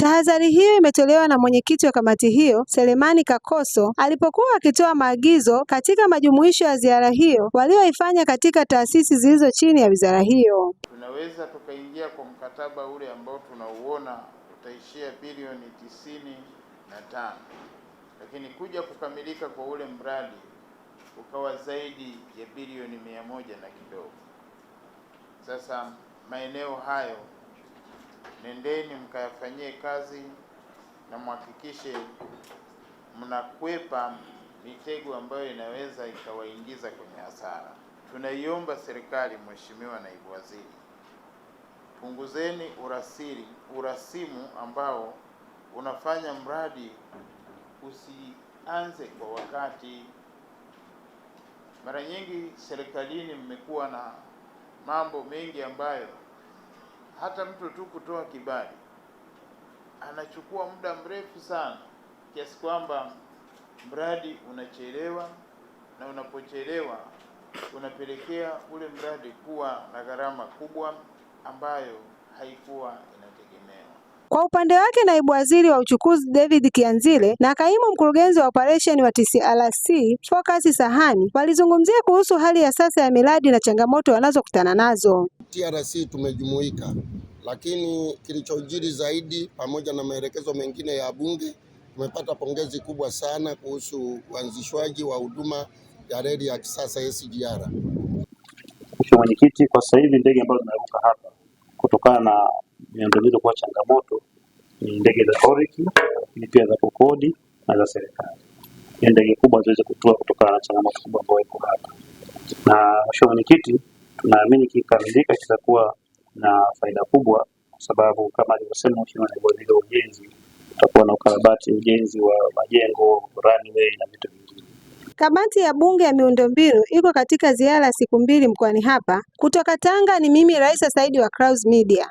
Tahadhari hiyo imetolewa na mwenyekiti wa kamati hiyo Selemani Kakoso alipokuwa akitoa maagizo katika majumuisho ya ziara hiyo walioifanya katika taasisi zilizo chini ya wizara hiyo. Tunaweza tukaingia kwa mkataba ule ambao tunauona utaishia bilioni tisini na tano, lakini kuja kukamilika kwa ule mradi ukawa zaidi ya bilioni mia moja na kidogo. Sasa maeneo hayo nendeni mkayafanyie kazi na mhakikishe mnakwepa mitego ambayo inaweza ikawaingiza kwenye hasara. Tunaiomba serikali, Mheshimiwa Naibu Waziri, punguzeni urasili urasimu ambao unafanya mradi usianze kwa wakati. Mara nyingi serikalini mmekuwa na mambo mengi ambayo hata mtu tu kutoa kibali anachukua muda mrefu sana, kiasi kwamba mradi unachelewa, na unapochelewa unapelekea ule mradi kuwa na gharama kubwa ambayo haikuwa inategemewa. Kwa upande wake, naibu waziri wa uchukuzi David Kianzile na kaimu mkurugenzi wa operesheni wa TCRC Focus Sahani walizungumzia kuhusu hali ya sasa ya miradi na changamoto wanazokutana nazo. TRC tumejumuika, lakini kilichojiri zaidi, pamoja na maelekezo mengine ya Bunge, tumepata pongezi kubwa sana kuhusu uanzishwaji wa huduma ya reli ya kisasa SGR. Mwenyekiti, kwa sasa hivi ndege ambazo zinaruka hapa kutokana na miundombinu kuwa changamoto ni ndege za oriki, lakini pia za kukodi na za serikali. Ndege kubwa ziweze kutua kutokana na changamoto kubwa ambayo iko hapa. Na mheshimiwa mwenyekiti naamini kikamilika kitakuwa na faida kubwa, kwa sababu kama alivyosema Mheshimiwa Naibu Waziri wa Ujenzi, utakuwa na ukarabati ujenzi wa majengo, runway na vitu vingine. Kamati ya Bunge ya Miundombinu iko katika ziara ya siku mbili mkoani hapa. Kutoka Tanga ni mimi Raisa Saidi wa Clouds Media.